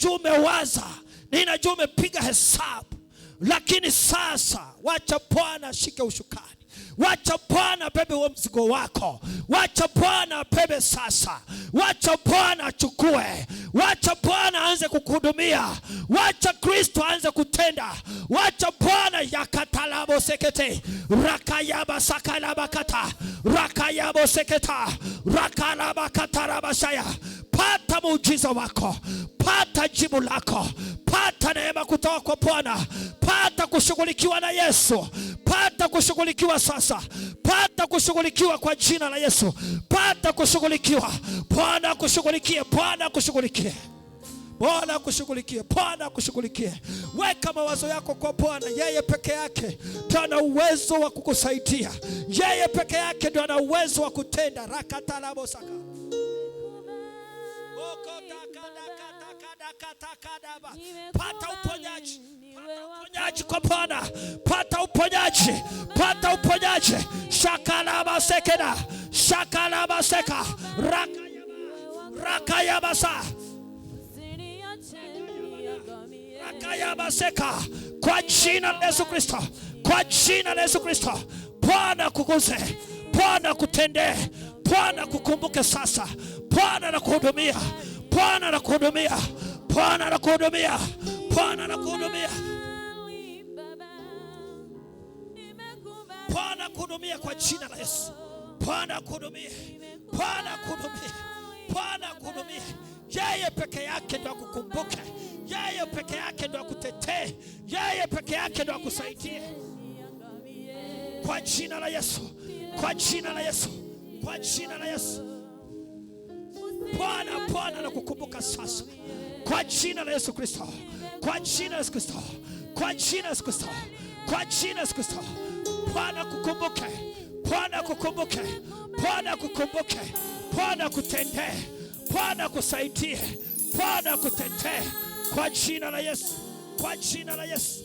juu umewaza, juu umepiga hesabu, lakini sasa wacha Bwana ashike ushukani. Wacha Bwana abebe huo mzigo wako. Wacha Bwana abebe sasa. Wacha Bwana achukue. Wacha Bwana aanze kukuhudumia. Wacha Kristo aanze kutenda. Wacha Bwana yakatalabo sekete rakayaba sakalabakata rakayabo seketa rakalabakatarabashaya pata muujiza wako, pata jibu lako, pata neema kutoka kwa Bwana, pata kushughulikiwa na Yesu, pata kushughulikiwa sasa, pata kushughulikiwa kwa jina la Yesu, pata kushughulikiwa. Bwana kushughulikie, Bwana kushughulikie Bwana akushughulikie, Bwana akushughulikie. Weka mawazo yako kwa Bwana, yeye peke yake ndio ana uwezo wa kukusaidia, yeye peke yake ndio ana uwezo wa kutenda rakatalabosaka Pata uponyaji, uponyaji kwa Bwana, pata uponyaji, pata uponyaji. masa, raka ya maseka, kwa jina la Yesu Kristo, kwa jina la Yesu Kristo. Bwana kukuze, Bwana kutendee, Bwana kukumbuke sasa Bwana anakuhudumia, Bwana anakuhudumia, Bwana anakuhudumia, Bwana anakuhudumia, Bwana akuhudumia kwa jina la Yesu. Bwana akuhudumia, Bwana akuhudumia, Bwana akuhudumia. Yeye peke yake ndo akukumbuke, yeye peke yake ndo akutetee, yeye peke yake ndo akusaidie kwa jina la Yesu, kwa jina la Yesu, kwa jina la Yesu. Bwana Bwana nakukumbuka sasa kwa jina la Yesu Kristo, kwa jina la Yesu Kristo, kwa jina la Yesu Kristo, kwa jina la Yesu Kristo. Bwana kukumbuke, Bwana kukumbuke, Bwana kukumbuke, Bwana kutendee, Bwana kusaidie, Bwana kutetee, kwa jina la Yesu, kwa jina la Yesu.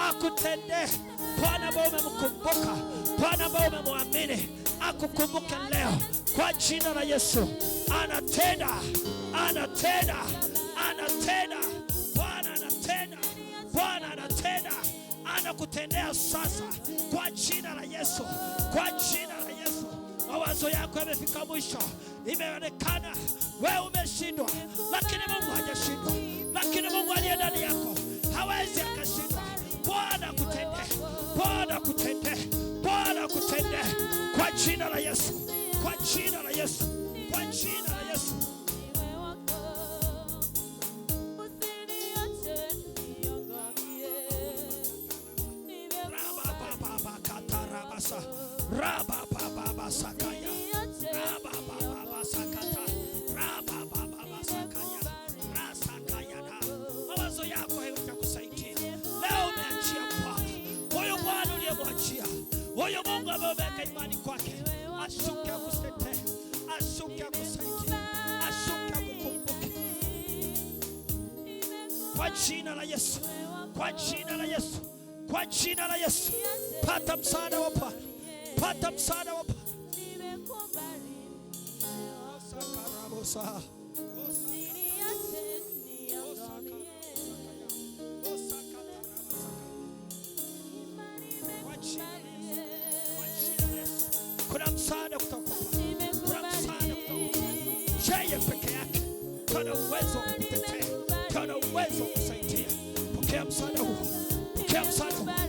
akutendee. Bwana ambao umemkumbuka, Bwana ambao umemwamini akukumbuke leo kwa jina la Yesu. Anatenda, anatenda, anatenda. Bwana anatenda, Bwana anatenda, anakutendea sasa kwa jina la Yesu, kwa jina la Yesu. Mawazo yako yamefika mwisho, imeonekana wewe umeshindwa, lakini Mungu hajashindwa, lakini Mungu aliye jina la Yesu, kwa jina la Yesu. Mawazo yako hayatakusaidia leo, umeachia kwa huyo Bwana uliyemwachia, huyo Mungu ambaye umeweka imani kwake ashuke ashuke akusaidie, ashuke akukumbuke kwa jina la Yesu, kwa jina la Yesu, kwa jina la Yesu. Pata msaada wa Bwana, pata msaada wa Bwana. yourself, Satan.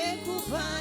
perco vai.